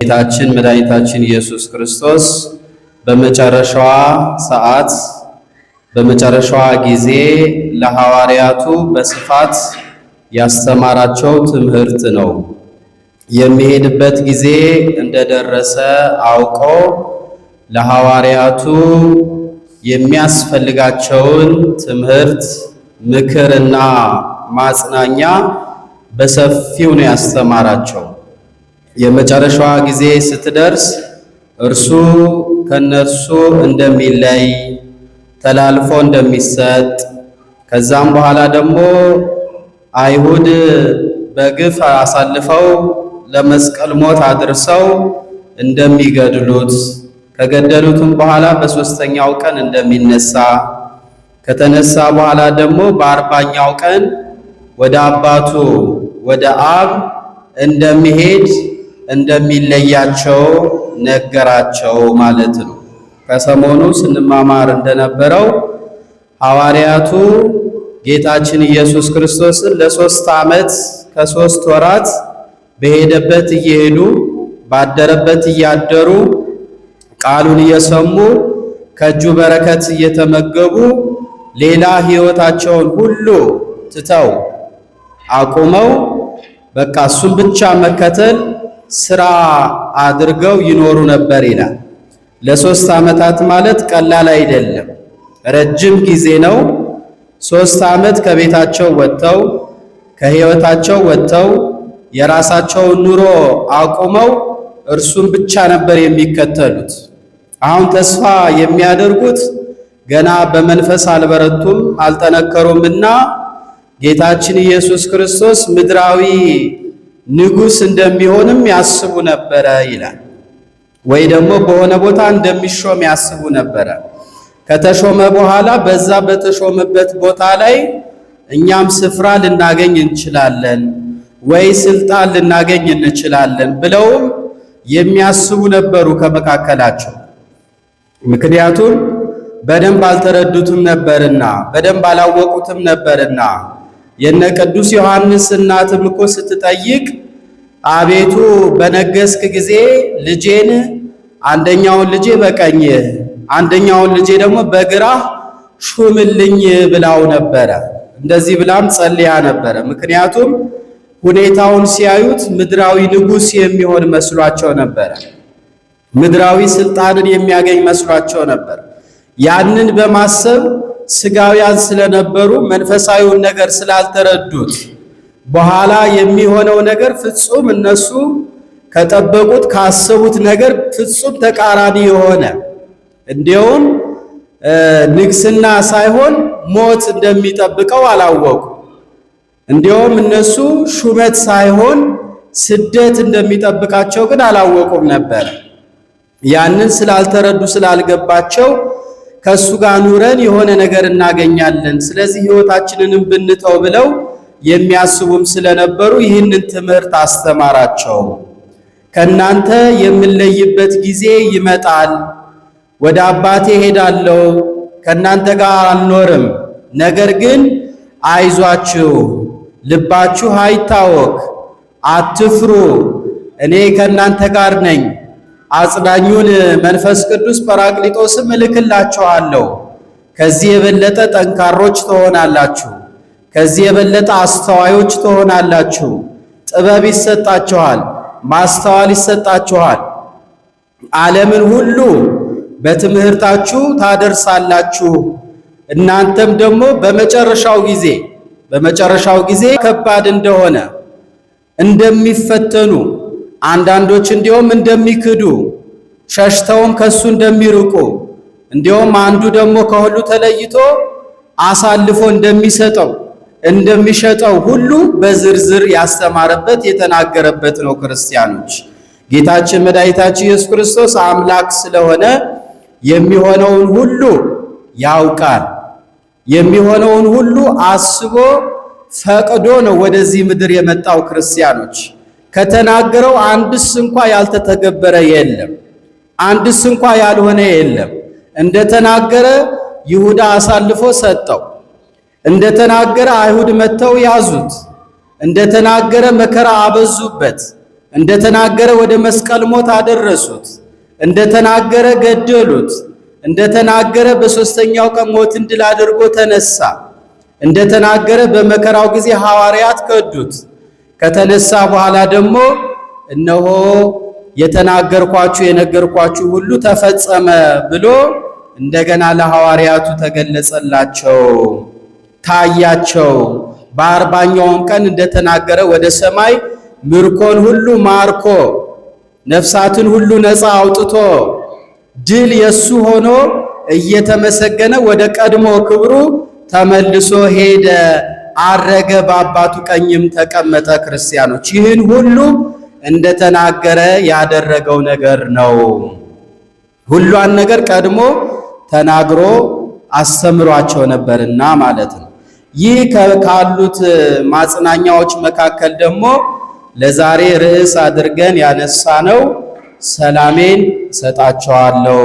ጌታችን መድኃኒታችን ኢየሱስ ክርስቶስ በመጨረሻዋ ሰዓት በመጨረሻዋ ጊዜ ለሐዋርያቱ በስፋት ያስተማራቸው ትምህርት ነው። የሚሄድበት ጊዜ እንደደረሰ አውቆ ለሐዋርያቱ የሚያስፈልጋቸውን ትምህርት ምክርና ማጽናኛ በሰፊው ነው ያስተማራቸው። የመጨረሻዋ ጊዜ ስትደርስ እርሱ ከነርሱ እንደሚለይ ተላልፎ እንደሚሰጥ ከዛም በኋላ ደግሞ አይሁድ በግፍ አሳልፈው ለመስቀል ሞት አድርሰው እንደሚገድሉት ከገደሉትም በኋላ በሶስተኛው ቀን እንደሚነሳ ከተነሳ በኋላ ደግሞ በአርባኛው ቀን ወደ አባቱ ወደ አብ እንደሚሄድ እንደሚለያቸው ነገራቸው ማለት ነው። ከሰሞኑ ስንማማር እንደነበረው ሐዋርያቱ ጌታችን ኢየሱስ ክርስቶስን ለሶስት ዓመት ከሶስት ወራት በሄደበት እየሄዱ ባደረበት እያደሩ ቃሉን እየሰሙ ከእጁ በረከት እየተመገቡ ሌላ ሕይወታቸውን ሁሉ ትተው አቁመው በቃ እሱን ብቻ መከተል ስራ አድርገው ይኖሩ ነበር ይላል። ለሶስት ዓመታት ማለት ቀላል አይደለም፣ ረጅም ጊዜ ነው። ሶስት ዓመት ከቤታቸው ወጥተው ከሕይወታቸው ወጥተው የራሳቸውን ኑሮ አቁመው እርሱን ብቻ ነበር የሚከተሉት። አሁን ተስፋ የሚያደርጉት ገና በመንፈስ አልበረቱም አልጠነከሩምና ጌታችን ኢየሱስ ክርስቶስ ምድራዊ ንጉሥ እንደሚሆንም ያስቡ ነበረ ይላል። ወይ ደግሞ በሆነ ቦታ እንደሚሾም ያስቡ ነበረ። ከተሾመ በኋላ በዛ በተሾመበት ቦታ ላይ እኛም ስፍራ ልናገኝ እንችላለን ወይ ስልጣን ልናገኝ እንችላለን ብለውም የሚያስቡ ነበሩ ከመካከላቸው። ምክንያቱም በደንብ አልተረዱትም ነበርና በደንብ አላወቁትም ነበርና የነ ቅዱስ ዮሐንስ እናትም እኮ ስትጠይቅ አቤቱ በነገስክ ጊዜ ልጄን አንደኛውን ልጄ በቀኝ አንደኛውን ልጄ ደግሞ በግራ ሹምልኝ ብላው ነበረ። እንደዚህ ብላም ጸልያ ነበረ። ምክንያቱም ሁኔታውን ሲያዩት ምድራዊ ንጉሥ የሚሆን መስሏቸው ነበር። ምድራዊ ስልጣንን የሚያገኝ መስሏቸው ነበር። ያንን በማሰብ ስጋውያን ስለነበሩ መንፈሳዊውን ነገር ስላልተረዱት በኋላ የሚሆነው ነገር ፍጹም እነሱ ከጠበቁት ካሰቡት ነገር ፍጹም ተቃራኒ የሆነ እንዲሁም ንግስና ሳይሆን ሞት እንደሚጠብቀው አላወቁ። እንዲያውም እነሱ ሹመት ሳይሆን ስደት እንደሚጠብቃቸው ግን አላወቁም ነበር። ያንን ስላልተረዱ ስላልገባቸው ከእሱ ጋር ኑረን የሆነ ነገር እናገኛለን፣ ስለዚህ ሕይወታችንንም ብንተው ብለው የሚያስቡም ስለነበሩ ይህንን ትምህርት አስተማራቸው። ከእናንተ የምለይበት ጊዜ ይመጣል፣ ወደ አባቴ ሄዳለሁ፣ ከእናንተ ጋር አልኖርም፣ ነገር ግን አይዟችሁ ልባችሁ አይታወክ፣ አትፍሩ፣ እኔ ከእናንተ ጋር ነኝ። አጽናኙን መንፈስ ቅዱስ ጰራቅሊጦስም እልክላችኋለሁ። ከዚህ የበለጠ ጠንካሮች ትሆናላችሁ። ከዚህ የበለጠ አስተዋዮች ትሆናላችሁ። ጥበብ ይሰጣችኋል፣ ማስተዋል ይሰጣችኋል። ዓለምን ሁሉ በትምህርታችሁ ታደርሳላችሁ። እናንተም ደግሞ በመጨረሻው ጊዜ በመጨረሻው ጊዜ ከባድ እንደሆነ እንደሚፈተኑ አንዳንዶች እንዲሁም እንደሚክዱ ሸሽተውም ከሱ እንደሚርቁ እንዲሁም አንዱ ደግሞ ከሁሉ ተለይቶ አሳልፎ እንደሚሰጠው እንደሚሸጠው ሁሉ በዝርዝር ያስተማረበት የተናገረበት ነው። ክርስቲያኖች ጌታችን መድኃኒታችን ኢየሱስ ክርስቶስ አምላክ ስለሆነ የሚሆነውን ሁሉ ያውቃል። የሚሆነውን ሁሉ አስቦ ፈቅዶ ነው ወደዚህ ምድር የመጣው። ክርስቲያኖች ከተናገረው አንድስ እንኳ ያልተተገበረ የለም፣ አንድስ እንኳ ያልሆነ የለም። እንደተናገረ ይሁዳ አሳልፎ ሰጠው። እንደተናገረ አይሁድ መጥተው ያዙት። እንደተናገረ መከራ አበዙበት። እንደተናገረ ወደ መስቀል ሞት አደረሱት። እንደተናገረ ገደሉት። እንደተናገረ በሦስተኛው ቀን ሞትን ድል አድርጎ ተነሳ። እንደተናገረ በመከራው ጊዜ ሐዋርያት ከዱት። ከተነሳ በኋላ ደግሞ እነሆ የተናገርኳችሁ የነገርኳችሁ ሁሉ ተፈጸመ ብሎ እንደገና ለሐዋርያቱ ተገለጸላቸው፣ ታያቸው። በአርባኛውም ቀን እንደተናገረ ወደ ሰማይ ምርኮን ሁሉ ማርኮ ነፍሳትን ሁሉ ነፃ አውጥቶ ድል የሱ ሆኖ እየተመሰገነ ወደ ቀድሞ ክብሩ ተመልሶ ሄደ፣ አረገ፣ በአባቱ ቀኝም ተቀመጠ። ክርስቲያኖች ይህን ሁሉ እንደተናገረ ያደረገው ነገር ነው። ሁሏን ነገር ቀድሞ ተናግሮ አስተምሯቸው ነበርና ማለት ነው። ይህ ካሉት ማጽናኛዎች መካከል ደግሞ ለዛሬ ርዕስ አድርገን ያነሳ ነው ሰላሜን እሰጣቸዋለሁ።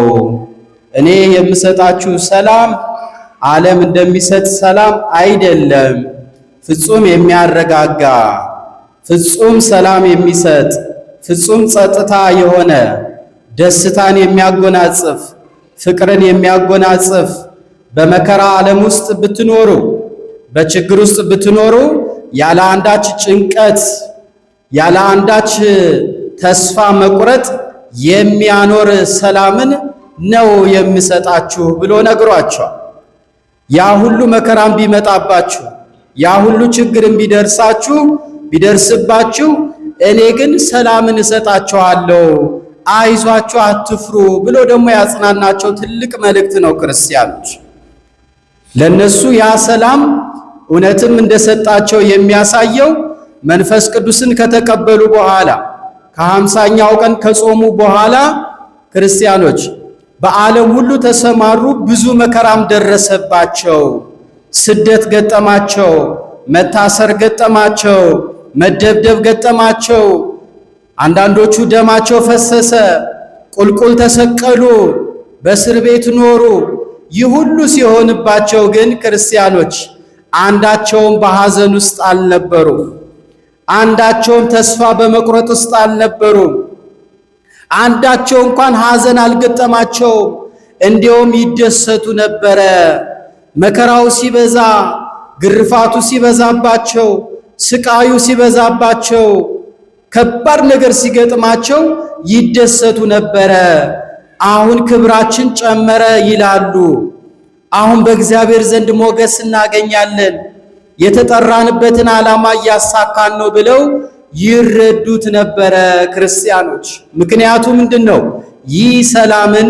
እኔ የምሰጣችሁ ሰላም ዓለም እንደሚሰጥ ሰላም አይደለም፣ ፍጹም የሚያረጋጋ ፍጹም ሰላም የሚሰጥ ፍጹም ጸጥታ የሆነ ደስታን የሚያጎናጽፍ ፍቅርን የሚያጎናጽፍ በመከራ ዓለም ውስጥ ብትኖሩ በችግር ውስጥ ብትኖሩ ያለ አንዳች ጭንቀት ያለ አንዳች ተስፋ መቁረጥ የሚያኖር ሰላምን ነው የምሰጣችሁ ብሎ ነግሯቸዋል። ያ ሁሉ መከራም ቢመጣባችሁ፣ ያ ሁሉ ችግርም ቢደርሳችሁ ቢደርስባችሁ እኔ ግን ሰላምን እሰጣችኋለሁ፣ አይዟችሁ፣ አትፍሩ ብሎ ደግሞ ያጽናናቸው ትልቅ መልእክት ነው። ክርስቲያኖች ለነሱ ያ ሰላም እውነትም እንደሰጣቸው የሚያሳየው መንፈስ ቅዱስን ከተቀበሉ በኋላ ከሀምሳኛው ቀን ከጾሙ በኋላ ክርስቲያኖች በዓለም ሁሉ ተሰማሩ። ብዙ መከራም ደረሰባቸው። ስደት ገጠማቸው፣ መታሰር ገጠማቸው፣ መደብደብ ገጠማቸው። አንዳንዶቹ ደማቸው ፈሰሰ፣ ቁልቁል ተሰቀሉ፣ በእስር ቤት ኖሩ። ይህ ሁሉ ሲሆንባቸው ግን ክርስቲያኖች አንዳቸውም በሐዘን ውስጥ አልነበሩ። አንዳቸውም ተስፋ በመቁረጥ ውስጥ አልነበሩም። አንዳቸው እንኳን ሐዘን አልገጠማቸው እንዲያውም ይደሰቱ ነበረ። መከራው ሲበዛ፣ ግርፋቱ ሲበዛባቸው፣ ስቃዩ ሲበዛባቸው፣ ከባድ ነገር ሲገጥማቸው ይደሰቱ ነበረ። አሁን ክብራችን ጨመረ ይላሉ። አሁን በእግዚአብሔር ዘንድ ሞገስ እናገኛለን። የተጠራንበትን ዓላማ እያሳካን ነው ብለው ይረዱት ነበረ ክርስቲያኖች። ምክንያቱ ምንድን ነው? ይህ ሰላምን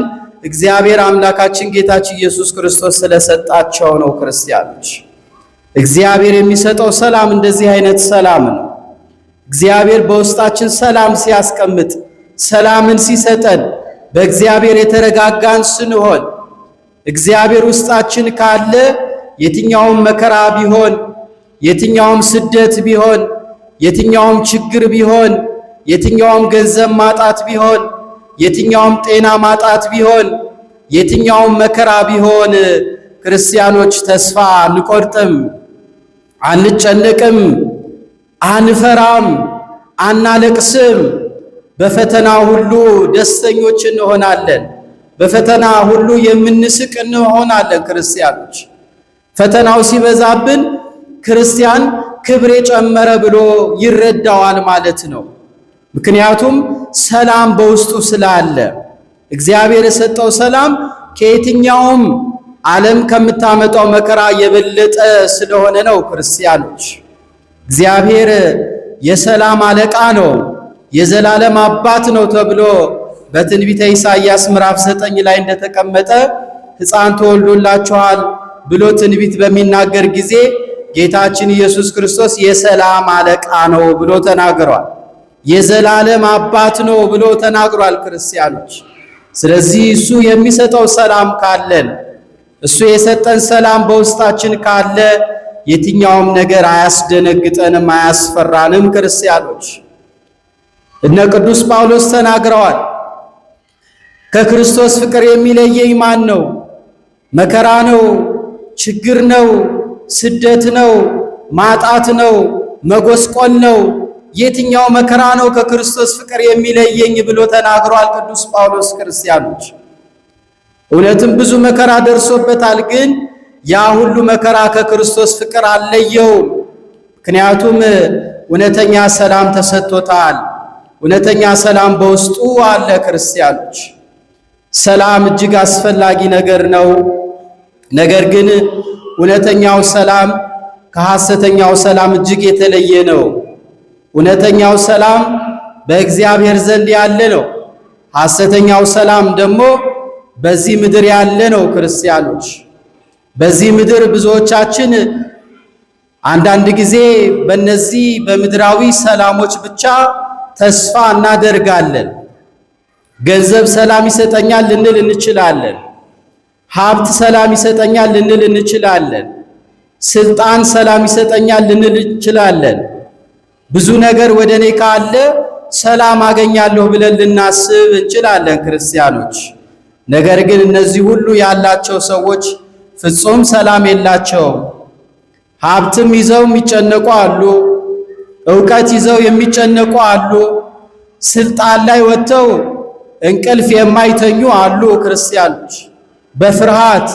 እግዚአብሔር አምላካችን ጌታችን ኢየሱስ ክርስቶስ ስለሰጣቸው ነው። ክርስቲያኖች እግዚአብሔር የሚሰጠው ሰላም እንደዚህ አይነት ሰላም ነው። እግዚአብሔር በውስጣችን ሰላም ሲያስቀምጥ፣ ሰላምን ሲሰጠን፣ በእግዚአብሔር የተረጋጋን ስንሆን እግዚአብሔር ውስጣችን ካለ የትኛውም መከራ ቢሆን የትኛውም ስደት ቢሆን፣ የትኛውም ችግር ቢሆን፣ የትኛውም ገንዘብ ማጣት ቢሆን፣ የትኛውም ጤና ማጣት ቢሆን፣ የትኛውም መከራ ቢሆን ክርስቲያኖች ተስፋ አንቆርጥም፣ አንጨነቅም፣ አንፈራም፣ አናለቅስም። በፈተና ሁሉ ደስተኞች እንሆናለን። በፈተና ሁሉ የምንስቅ እንሆናለን። ክርስቲያኖች ፈተናው ሲበዛብን ክርስቲያን ክብር የጨመረ ብሎ ይረዳዋል ማለት ነው። ምክንያቱም ሰላም በውስጡ ስላለ እግዚአብሔር የሰጠው ሰላም ከየትኛውም ዓለም ከምታመጣው መከራ የበለጠ ስለሆነ ነው። ክርስቲያኖች እግዚአብሔር የሰላም አለቃ ነው፣ የዘላለም አባት ነው ተብሎ በትንቢተ ኢሳይያስ ምዕራፍ ዘጠኝ ላይ እንደተቀመጠ ሕፃን ተወልዶላችኋል ብሎ ትንቢት በሚናገር ጊዜ ጌታችን ኢየሱስ ክርስቶስ የሰላም አለቃ ነው ብሎ ተናግሯል። የዘላለም አባት ነው ብሎ ተናግሯል ክርስቲያኖች። ስለዚህ እሱ የሚሰጠው ሰላም ካለን እሱ የሰጠን ሰላም በውስጣችን ካለ የትኛውም ነገር አያስደነግጠንም፣ አያስፈራንም። ክርስቲያኖች እነ ቅዱስ ጳውሎስ ተናግረዋል። ከክርስቶስ ፍቅር የሚለየኝ ማን ነው? መከራ ነው፣ ችግር ነው ስደት ነው፣ ማጣት ነው፣ መጎስቆል ነው። የትኛው መከራ ነው ከክርስቶስ ፍቅር የሚለየኝ ብሎ ተናግሯል ቅዱስ ጳውሎስ ክርስቲያኖች። እውነትም ብዙ መከራ ደርሶበታል። ግን ያ ሁሉ መከራ ከክርስቶስ ፍቅር አለየው ምክንያቱም እውነተኛ ሰላም ተሰጥቶታል። እውነተኛ ሰላም በውስጡ አለ። ክርስቲያኖች ሰላም እጅግ አስፈላጊ ነገር ነው። ነገር ግን እውነተኛው ሰላም ከሐሰተኛው ሰላም እጅግ የተለየ ነው። እውነተኛው ሰላም በእግዚአብሔር ዘንድ ያለ ነው። ሐሰተኛው ሰላም ደግሞ በዚህ ምድር ያለ ነው። ክርስቲያኖች በዚህ ምድር ብዙዎቻችን አንዳንድ ጊዜ በእነዚህ በምድራዊ ሰላሞች ብቻ ተስፋ እናደርጋለን። ገንዘብ ሰላም ይሰጠኛል ልንል እንችላለን። ሀብት ሰላም ይሰጠኛል ልንል እንችላለን። ስልጣን ሰላም ይሰጠኛል ልንል እንችላለን። ብዙ ነገር ወደ እኔ ካለ ሰላም አገኛለሁ ብለን ልናስብ እንችላለን ክርስቲያኖች። ነገር ግን እነዚህ ሁሉ ያላቸው ሰዎች ፍጹም ሰላም የላቸውም። ሀብትም ይዘው የሚጨነቁ አሉ። እውቀት ይዘው የሚጨነቁ አሉ። ስልጣን ላይ ወጥተው እንቅልፍ የማይተኙ አሉ ክርስቲያኖች። በፍርሃት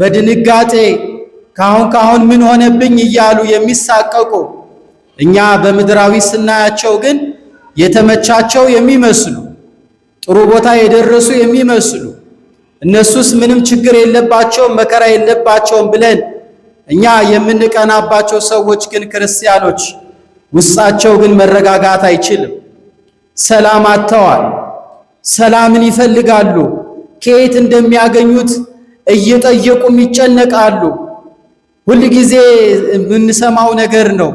በድንጋጤ ካሁን ካሁን ምን ሆነብኝ እያሉ የሚሳቀቁ እኛ በምድራዊ ስናያቸው ግን የተመቻቸው የሚመስሉ ጥሩ ቦታ የደረሱ የሚመስሉ እነሱስ ምንም ችግር የለባቸውም መከራ የለባቸውም ብለን እኛ የምንቀናባቸው ሰዎች ግን ክርስቲያኖች ውስጣቸው ግን መረጋጋት አይችልም። ሰላም አጥተዋል። ሰላምን ይፈልጋሉ። ከየት እንደሚያገኙት እየጠየቁም ይጨነቃሉ። ሁል ጊዜ የምንሰማው ነገር ነው።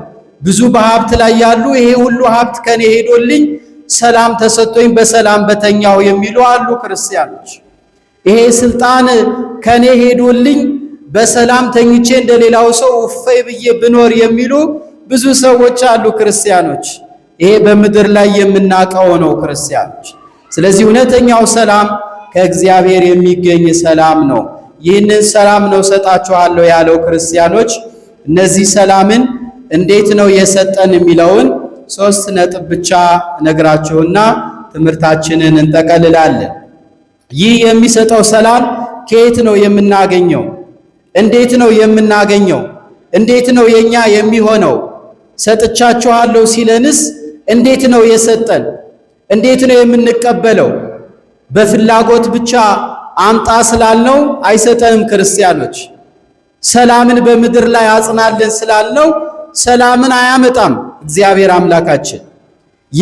ብዙ በሀብት ላይ ያሉ ይሄ ሁሉ ሀብት ከኔ ሄዶልኝ ሰላም ተሰጥቶኝ በሰላም በተኛው የሚሉ አሉ ክርስቲያኖች። ይሄ ስልጣን ከኔ ሄዶልኝ በሰላም ተኝቼ እንደሌላው ሰው እፎይ ብዬ ብኖር የሚሉ ብዙ ሰዎች አሉ ክርስቲያኖች። ይሄ በምድር ላይ የምናውቀው ነው ክርስቲያኖች። ስለዚህ እውነተኛው ሰላም ከእግዚአብሔር የሚገኝ ሰላም ነው። ይህንን ሰላም ነው ሰጣችኋለሁ ያለው ክርስቲያኖች እነዚህ ሰላምን እንዴት ነው የሰጠን የሚለውን ሶስት ነጥብ ብቻ ነግራችሁና ትምህርታችንን እንጠቀልላለን። ይህ የሚሰጠው ሰላም ከየት ነው የምናገኘው? እንዴት ነው የምናገኘው? እንዴት ነው የኛ የሚሆነው? ሰጥቻችኋለሁ ሲለንስ እንዴት ነው የሰጠን? እንዴት ነው የምንቀበለው? በፍላጎት ብቻ አምጣ ስላልነው አይሰጠንም። ክርስቲያኖች ሰላምን በምድር ላይ አጽናለን ስላልነው ሰላምን አያመጣም። እግዚአብሔር አምላካችን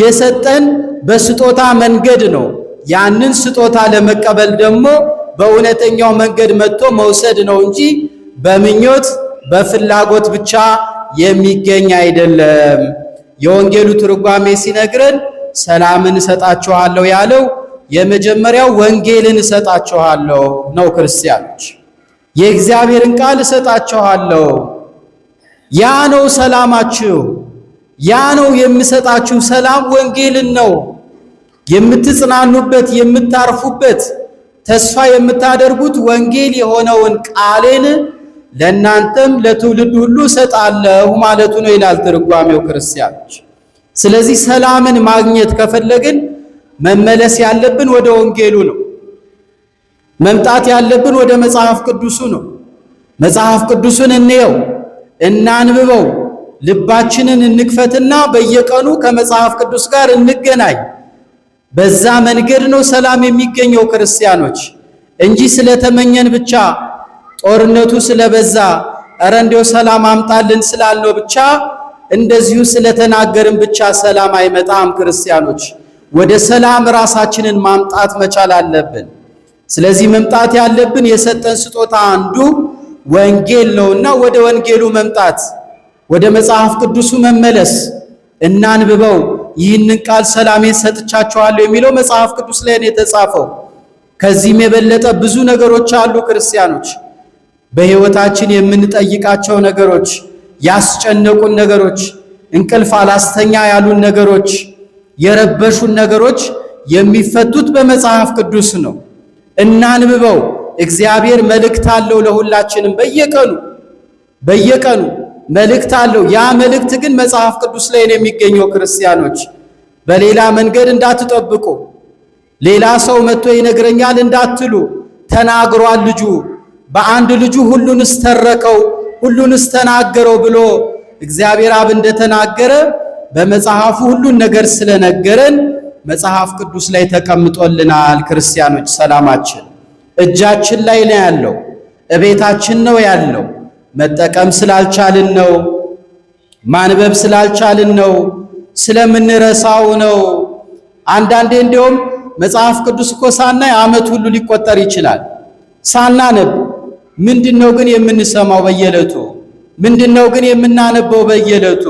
የሰጠን በስጦታ መንገድ ነው። ያንን ስጦታ ለመቀበል ደግሞ በእውነተኛው መንገድ መጥቶ መውሰድ ነው እንጂ በምኞት በፍላጎት ብቻ የሚገኝ አይደለም። የወንጌሉ ትርጓሜ ሲነግረን ሰላምን እሰጣችኋለሁ ያለው የመጀመሪያው ወንጌልን እሰጣችኋለሁ ነው። ክርስቲያኖች የእግዚአብሔርን ቃል እሰጣችኋለሁ። ያ ነው ሰላማችሁ፣ ያ ነው የምሰጣችሁ ሰላም ወንጌልን ነው። የምትጽናኑበት፣ የምታርፉበት፣ ተስፋ የምታደርጉት ወንጌል የሆነውን ቃሌን ለእናንተም ለትውልድ ሁሉ እሰጣለሁ ማለቱ ነው ይላል ትርጓሜው ክርስቲያኖች። ስለዚህ ሰላምን ማግኘት ከፈለግን መመለስ ያለብን ወደ ወንጌሉ ነው። መምጣት ያለብን ወደ መጽሐፍ ቅዱሱ ነው። መጽሐፍ ቅዱሱን እንየው፣ እናንብበው፣ ልባችንን እንክፈትና በየቀኑ ከመጽሐፍ ቅዱስ ጋር እንገናኝ። በዛ መንገድ ነው ሰላም የሚገኘው ክርስቲያኖች፣ እንጂ ስለተመኘን ብቻ ጦርነቱ ስለበዛ እረ እንዲው ሰላም አምጣልን ስላልነው ብቻ እንደዚሁ ስለተናገርን ብቻ ሰላም አይመጣም ክርስቲያኖች። ወደ ሰላም ራሳችንን ማምጣት መቻል አለብን። ስለዚህ መምጣት ያለብን የሰጠን ስጦታ አንዱ ወንጌል ነውና ወደ ወንጌሉ መምጣት፣ ወደ መጽሐፍ ቅዱሱ መመለስ፣ እናንብበው። ይህንን ቃል ሰላሜን ሰጥቻችኋለሁ የሚለው መጽሐፍ ቅዱስ ላይ ነው የተጻፈው። ከዚህም የበለጠ ብዙ ነገሮች አሉ። ክርስቲያኖች በሕይወታችን የምንጠይቃቸው ነገሮች፣ ያስጨነቁን ነገሮች፣ እንቅልፍ አላስተኛ ያሉን ነገሮች የረበሹን ነገሮች የሚፈቱት በመጽሐፍ ቅዱስ ነው። እናንብበው። እግዚአብሔር መልእክት አለው ለሁላችንም። በየቀኑ በየቀኑ መልእክት አለው። ያ መልእክት ግን መጽሐፍ ቅዱስ ላይ ነው የሚገኘው። ክርስቲያኖች በሌላ መንገድ እንዳትጠብቁ፣ ሌላ ሰው መጥቶ ይነግረኛል እንዳትሉ። ተናግሯል ልጁ በአንድ ልጁ ሁሉንስ ተረከው ሁሉንስ ተናገረው ብሎ እግዚአብሔር አብ እንደተናገረ በመጽሐፉ ሁሉን ነገር ስለነገረን መጽሐፍ ቅዱስ ላይ ተቀምጦልናል። ክርስቲያኖች ሰላማችን እጃችን ላይ ነው ያለው፣ እቤታችን ነው ያለው። መጠቀም ስላልቻልን ነው፣ ማንበብ ስላልቻልን ነው፣ ስለምንረሳው ነው። አንዳንዴ እንዲሁም መጽሐፍ ቅዱስ እኮ ሳናይ ዓመት ሁሉ ሊቆጠር ይችላል። ሳናነብ ምንድነው ግን የምንሰማው በየዕለቱ? ምንድነው ግን የምናነበው በየዕለቱ?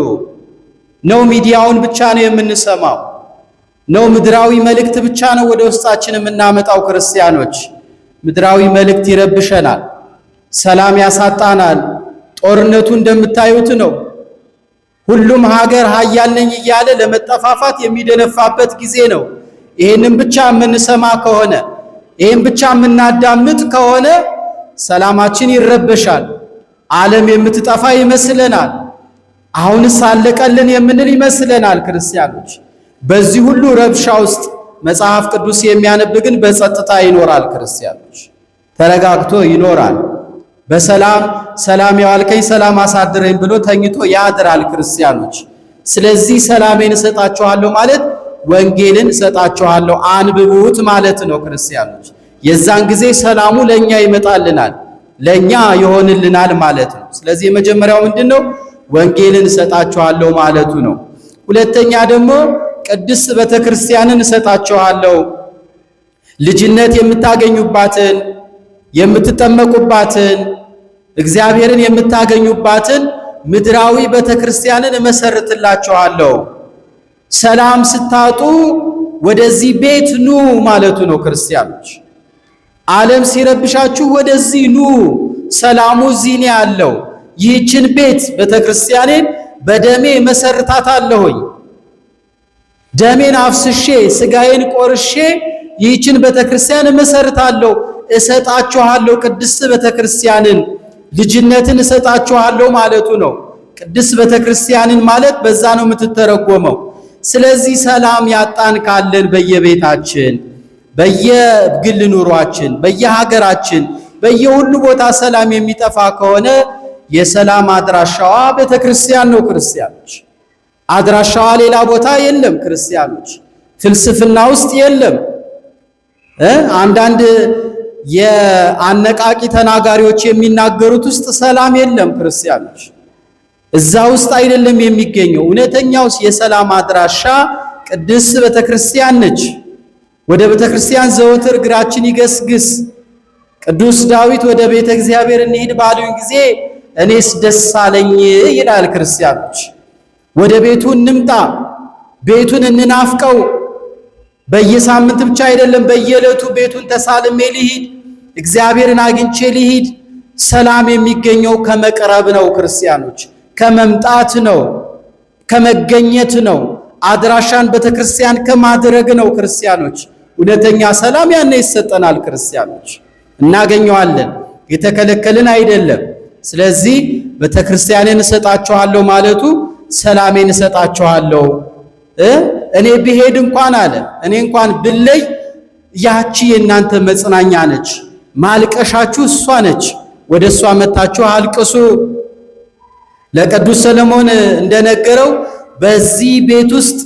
ነው ሚዲያውን ብቻ ነው የምንሰማው? ነው ምድራዊ መልእክት ብቻ ነው ወደ ውስጣችን የምናመጣው? ክርስቲያኖች ምድራዊ መልእክት ይረብሸናል፣ ሰላም ያሳጣናል። ጦርነቱ እንደምታዩት ነው። ሁሉም ሀገር ሀያል ነኝ እያለ ለመጠፋፋት የሚደነፋበት ጊዜ ነው። ይሄንን ብቻ የምንሰማ ከሆነ ይሄን ብቻ የምናዳምጥ ከሆነ ሰላማችን ይረበሻል፣ ዓለም የምትጠፋ ይመስለናል። አሁን ሳለቀልን የምንል ይመስለናል ክርስቲያኖች። በዚህ ሁሉ ረብሻ ውስጥ መጽሐፍ ቅዱስ የሚያነብ ግን በጸጥታ ይኖራል። ክርስቲያኖች ተረጋግቶ ይኖራል። በሰላም ሰላም ያዋልከኝ ሰላም አሳድረኝ ብሎ ተኝቶ ያድራል። ክርስቲያኖች ስለዚህ ሰላሜን እሰጣችኋለሁ ማለት ወንጌልን እሰጣችኋለሁ አንብቡት ማለት ነው። ክርስቲያኖች የዛን ጊዜ ሰላሙ ለኛ ይመጣልናል፣ ለኛ ይሆንልናል ማለት ነው። ስለዚህ የመጀመሪያው ምንድን ነው? ወንጌልን እሰጣችኋለሁ ማለቱ ነው። ሁለተኛ ደግሞ ቅድስት ቤተ ክርስቲያንን እሰጣችኋለሁ ልጅነት የምታገኙባትን የምትጠመቁባትን እግዚአብሔርን የምታገኙባትን ምድራዊ ቤተ ክርስቲያንን እመሰርትላችኋለሁ። ሰላም ስታጡ ወደዚህ ቤት ኑ ማለቱ ነው። ክርስቲያኖች ዓለም ሲረብሻችሁ ወደዚህ ኑ፣ ሰላሙ እዚህ ነው ያለው። ይህችን ቤት ቤተክርስቲያኔን በደሜ መሰርታታለሁኝ። ደሜን አፍስሼ ስጋዬን ቆርሼ ይህችን ቤተክርስቲያን መሰርታለሁ። እሰጣችኋለሁ፣ ቅድስት ቤተክርስቲያንን ልጅነትን እሰጣችኋለሁ ማለቱ ነው። ቅድስት ቤተክርስቲያንን ማለት በዛ ነው የምትተረጎመው። ስለዚህ ሰላም ያጣን ካለን በየቤታችን፣ በየግል ኑሯችን፣ በየሀገራችን፣ በየሁሉ ቦታ ሰላም የሚጠፋ ከሆነ የሰላም አድራሻዋ ክርስቲያን ነው። ክርስቲያኖች አድራሻዋ ሌላ ቦታ የለም። ክርስቲያኖች ፍልስፍና ውስጥ የለም። አንዳንድ የአነቃቂ ተናጋሪዎች የሚናገሩት ውስጥ ሰላም የለም። ክርስቲያኖች እዛ ውስጥ አይደለም የሚገኘው። እውነተኛው የሰላም አድራሻ ቅድስት ቤተክርስቲያን ነች። ወደ ቤተክርስቲያን ዘወትር እግራችን ይገስግስ። ቅዱስ ዳዊት ወደ ቤተ እግዚአብሔር እንሄድ ባሉኝ ጊዜ እኔስ ደስ አለኝ ይላል። ክርስቲያኖች ወደ ቤቱ እንምጣ፣ ቤቱን እንናፍቀው። በየሳምንት ብቻ አይደለም፣ በየዕለቱ ቤቱን ተሳልሜ ልሂድ፣ እግዚአብሔርን አግኝቼ ልሂድ። ሰላም የሚገኘው ከመቅረብ ነው ክርስቲያኖች፣ ከመምጣት ነው፣ ከመገኘት ነው፣ አድራሻን በተክርስቲያን ከማድረግ ነው ክርስቲያኖች። እውነተኛ ሰላም ያነ ይሰጠናል ክርስቲያኖች፣ እናገኘዋለን። የተከለከልን አይደለም። ስለዚህ ቤተክርስቲያኔን እሰጣችኋለሁ ማለቱ ሰላሜን እሰጣችኋለሁ እኔ ብሄድ እንኳን አለ እኔ እንኳን ብለይ ያቺ የእናንተ መጽናኛ ነች፣ ማልቀሻችሁ እሷ ነች። ወደ እሷ መታችሁ አልቅሱ። ለቅዱስ ሰለሞን እንደነገረው በዚህ ቤት ውስጥ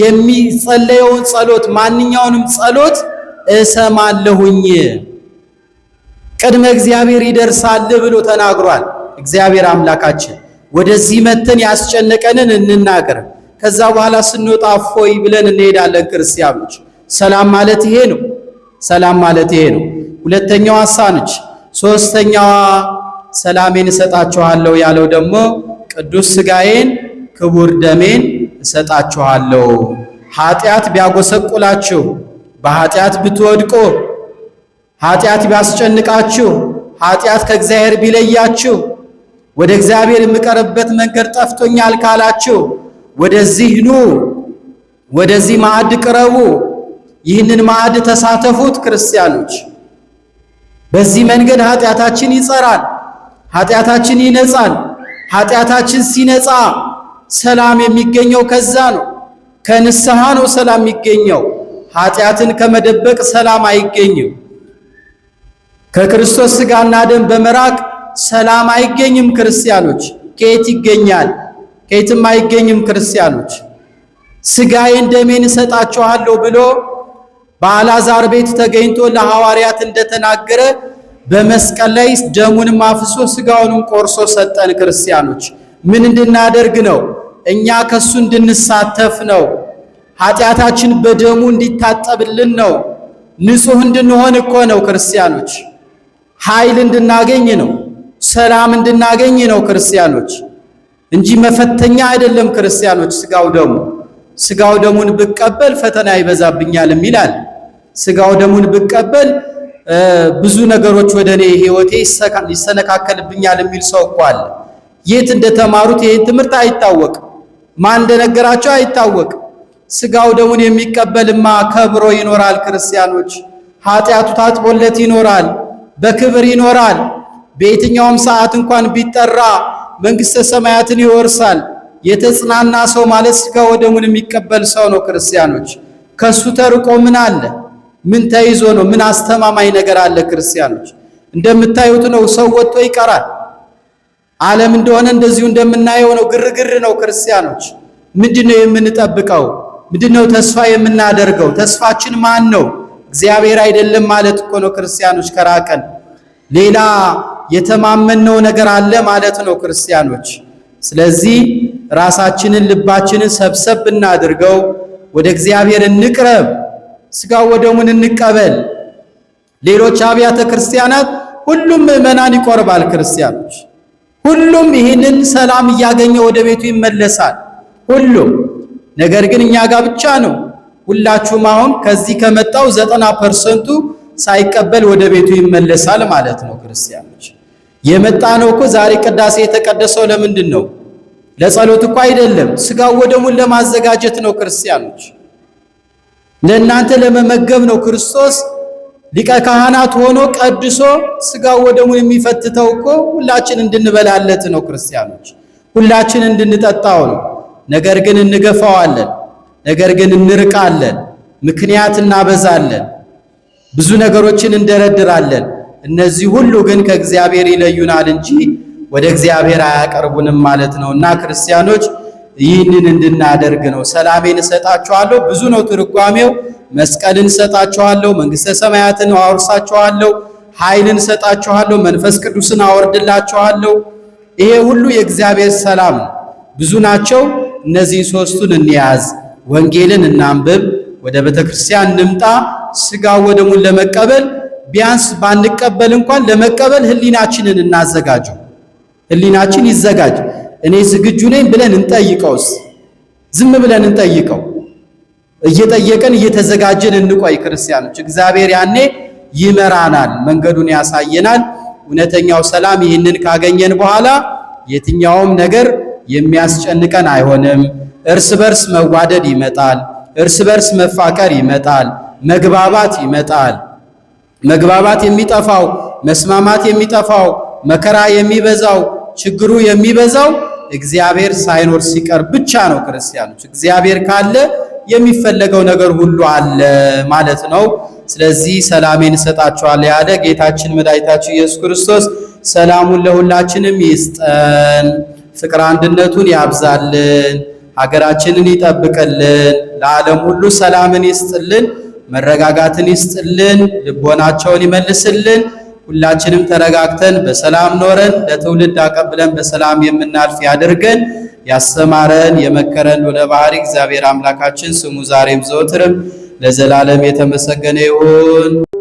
የሚጸለየውን ጸሎት ማንኛውንም ጸሎት እሰማለሁኝ። ቅድመ እግዚአብሔር ይደርሳል ብሎ ተናግሯል። እግዚአብሔር አምላካችን ወደዚህ መተን ያስጨነቀንን እንናገር። ከዛ በኋላ ስንወጣ ፎይ ብለን እንሄዳለን። ክርስቲያኖች ሰላም ማለት ይሄ ነው። ሰላም ማለት ይሄ ነው። ሁለተኛው ዓሣ ሶስተኛዋ ሰላሜን እሰጣችኋለሁ ያለው ደግሞ ቅዱስ ስጋዬን ክቡር ደሜን እሰጣችኋለሁ። ኃጢአት ቢያጎሰቁላችሁ፣ በኃጢአት ብትወድቁ ኃጢአት ቢያስጨንቃችሁ፣ ኃጢአት ከእግዚአብሔር ቢለያችሁ፣ ወደ እግዚአብሔር የምቀርብበት መንገድ ጠፍቶኛል ካላችሁ ወደዚህ ኑ፣ ወደዚህ ማዕድ ቅረቡ፣ ይህንን ማዕድ ተሳተፉት። ክርስቲያኖች በዚህ መንገድ ኃጢአታችን ይጸራል፣ ኃጢአታችን ይነጻል። ኃጢአታችን ሲነጻ ሰላም የሚገኘው ከዛ ነው፣ ከንስሐ ነው ሰላም የሚገኘው። ኃጢአትን ከመደበቅ ሰላም አይገኝም። ከክርስቶስ ሥጋና ደም በመራቅ ሰላም አይገኝም። ክርስቲያኖች ከየት ይገኛል? ከየትም አይገኝም። ክርስቲያኖች ስጋዬ ደሜን እሰጣችኋለሁ ብሎ በአልዓዛር ቤት ተገኝቶ ለሐዋርያት እንደተናገረ በመስቀል ላይ ደሙንም አፍሶ ስጋውንም ቆርሶ ሰጠን። ክርስቲያኖች ምን እንድናደርግ ነው? እኛ ከሱ እንድንሳተፍ ነው። ኃጢአታችን በደሙ እንዲታጠብልን ነው። ንጹሕ እንድንሆን እኮ ነው ክርስቲያኖች ኃይል እንድናገኝ ነው፣ ሰላም እንድናገኝ ነው ክርስቲያኖች እንጂ መፈተኛ አይደለም። ክርስቲያኖች ስጋው ደሙ ስጋው ደሙን ብቀበል ፈተና ይበዛብኛልም ይላል። ስጋው ደሙን ብቀበል ብዙ ነገሮች ወደ እኔ ህይወቴ ይሰነካከልብኛል የሚል ሰው እኮ አለ። የት እንደተማሩት ይህን ትምህርት አይታወቅም። ማን እንደነገራቸው አይታወቅ? ስጋው ደሙን የሚቀበልማ ከብሮ ይኖራል። ክርስቲያኖች ኃጢአቱ ታጥቦለት ይኖራል። በክብር ይኖራል። በየትኛውም ሰዓት እንኳን ቢጠራ መንግሥተ ሰማያትን ይወርሳል። የተጽናና ሰው ማለት ሥጋ ወደሙን የሚቀበል ሰው ነው። ክርስቲያኖች ከሱ ተርቆ ምን አለ? ምን ተይዞ ነው? ምን አስተማማኝ ነገር አለ? ክርስቲያኖች እንደምታዩት ነው። ሰው ወጥቶ ይቀራል። ዓለም እንደሆነ እንደዚሁ እንደምናየው ነው። ግርግር ነው። ክርስቲያኖች ምንድነው የምንጠብቀው? ምንድነው ተስፋ የምናደርገው? ተስፋችን ማን ነው? እግዚአብሔር አይደለም ማለት እኮ ነው። ክርስቲያኖች ከራቀን ሌላ የተማመነው ነገር አለ ማለት ነው ክርስቲያኖች። ስለዚህ ራሳችንን ልባችንን ሰብሰብ እናድርገው፣ ወደ እግዚአብሔር እንቅረብ፣ ወደ ወደሙን እንቀበል። ሌሎች አብያተ ክርስቲያናት ሁሉም ምዕመናን ይቆርባል። ክርስቲያኖች ሁሉም ይህንን ሰላም እያገኘ ወደ ቤቱ ይመለሳል። ሁሉም ነገር ግን እኛ ጋር ብቻ ነው ሁላችሁም አሁን ከዚህ ከመጣው ዘጠና ፐርሰንቱ ሳይቀበል ወደ ቤቱ ይመለሳል ማለት ነው። ክርስቲያኖች የመጣ ነው እኮ ዛሬ ቅዳሴ የተቀደሰው ለምንድን ነው? ለጸሎት እኮ አይደለም። ስጋው ወደሙን ለማዘጋጀት ነው። ክርስቲያኖች ለእናንተ ለመመገብ ነው። ክርስቶስ ሊቀ ካህናት ሆኖ ቀድሶ ስጋው ወደሙን የሚፈትተው እኮ ሁላችን እንድንበላለት ነው። ክርስቲያኖች ሁላችን እንድንጠጣው ነው። ነገር ግን እንገፋዋለን። ነገር ግን እንርቃለን፣ ምክንያት እናበዛለን፣ ብዙ ነገሮችን እንደረድራለን። እነዚህ ሁሉ ግን ከእግዚአብሔር ይለዩናል እንጂ ወደ እግዚአብሔር አያቀርቡንም ማለት ነው። እና ክርስቲያኖች ይህንን እንድናደርግ ነው። ሰላሜን እሰጣችኋለሁ፣ ብዙ ነው ትርጓሜው። መስቀልን እሰጣችኋለሁ፣ መንግሥተ ሰማያትን አወርሳችኋለሁ፣ ኃይልን እሰጣችኋለሁ፣ መንፈስ ቅዱስን አወርድላችኋለሁ። ይሄ ሁሉ የእግዚአብሔር ሰላም ነው። ብዙ ናቸው። እነዚህን ሶስቱን እንያዝ። ወንጌልን እናንብብ፣ ወደ ቤተ ክርስቲያን እንምጣ፣ ስጋ ወደሙን ለመቀበል ቢያንስ ባንቀበል እንኳን ለመቀበል ህሊናችንን እናዘጋጀው። ህሊናችን ይዘጋጅ። እኔ ዝግጁ ነኝ ብለን እንጠይቀውስ? ዝም ብለን እንጠይቀው? እየጠየቀን እየተዘጋጀን እንቆይ ክርስቲያኖች። እግዚአብሔር ያኔ ይመራናል፣ መንገዱን ያሳየናል። እውነተኛው ሰላም ይህንን ካገኘን በኋላ የትኛውም ነገር የሚያስጨንቀን አይሆንም። እርስ በርስ መዋደድ ይመጣል። እርስ በርስ መፋቀር ይመጣል። መግባባት ይመጣል። መግባባት የሚጠፋው መስማማት የሚጠፋው መከራ የሚበዛው ችግሩ የሚበዛው እግዚአብሔር ሳይኖር ሲቀር ብቻ ነው። ክርስቲያኖች እግዚአብሔር ካለ የሚፈለገው ነገር ሁሉ አለ ማለት ነው። ስለዚህ ሰላሜን እሰጣችኋለሁ ያለ ጌታችን መድኃኒታችን ኢየሱስ ክርስቶስ ሰላሙን ለሁላችንም ይስጠን። ፍቅር አንድነቱን ያብዛልን፣ ሀገራችንን ይጠብቅልን፣ ለዓለም ሁሉ ሰላምን ይስጥልን፣ መረጋጋትን ይስጥልን፣ ልቦናቸውን ይመልስልን። ሁላችንም ተረጋግተን በሰላም ኖረን ለትውልድ አቀብለን በሰላም የምናልፍ ያድርገን። ያስተማረን የመከረን ወደ ባህሪ እግዚአብሔር አምላካችን ስሙ ዛሬም ዘወትርም ለዘላለም የተመሰገነ ይሁን።